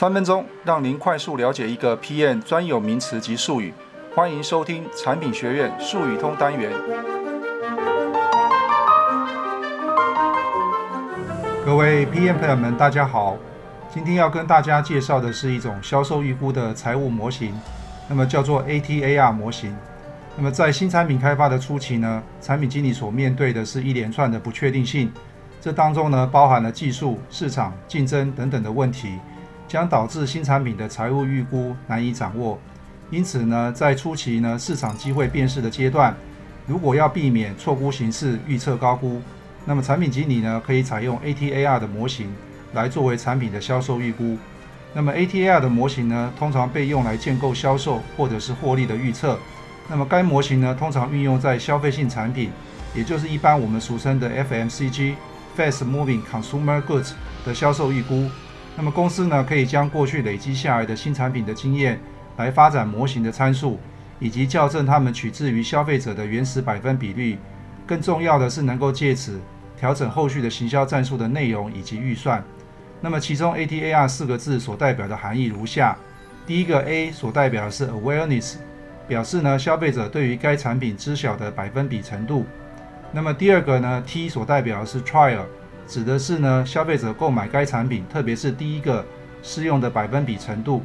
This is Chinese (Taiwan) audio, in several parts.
三分鐘讓您快速了解一個 PM 專有名詞及術語。歡迎收聽產品學院術語通單元。各位 PM 朋友們，大家好。今天要跟大家介紹的是一種銷售預估的財務模型，那麼叫做 ATAR 模型。那麼在新產品開發的初期呢，產品經理所面對的是一連串的不確定性，這當中呢包含了技術、市場、競爭等等的問題。將導致新產品的財務預估難以掌握，因此呢，在初期呢市場機會辨識的階段，如果要避免錯估情勢，預測高估，那麼產品經理呢可以採用 ATAR 的模型來作為產品的銷售預估。那麼 ATAR 的模型呢，通常被用來建構銷售或者是獲利的預測。那麼該模型呢，通常運用在消費性產品，也就是一般我們俗稱的 FMCG（Fast Moving Consumer Goods） 的銷售預估。那麼公司呢，可以將過去累積下來的新產品的經驗，來發展模型的參數，以及校正他們取自於消費者的原始百分比率。更重要的是，能夠借此調整後續的行銷戰術的內容以及預算。那麼其中 A T A R 四個字所代表的含義如下：第一個 A 所代表的是 Awareness，表示呢消費者對於該產品知曉的百分比程度。那麼第二個呢 T 所代表的是 Trial。指的是呢，消費者購買該產品，特別是第一個試用的百分比程度。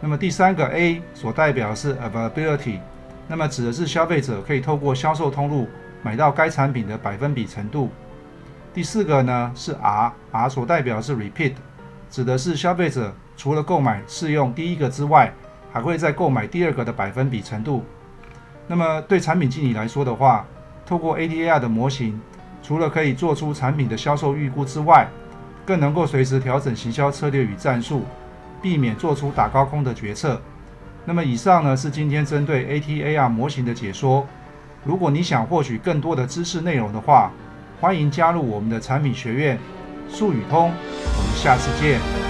那麼第三個 A 所代表是 Availability，那麼指的是消費者可以透過銷售通路買到該產品的百分比程度。第四個呢是 R，R 所代表是 Repeat，指的是消費者除了購買試用第一個之外，還會再購買第二個的百分比程度。那麼對產品經理來說的話，透過 ATAR 的模型。除了可以做出產品的銷售預估之外，更能夠隨時調整行銷策略與戰術，避免做出打高空的決策。那麼以上呢是今天針對 ATAR 模型的解說。如果你想獲取更多的知識內容的話，歡迎加入我們的產品學院術語通。我們下次見。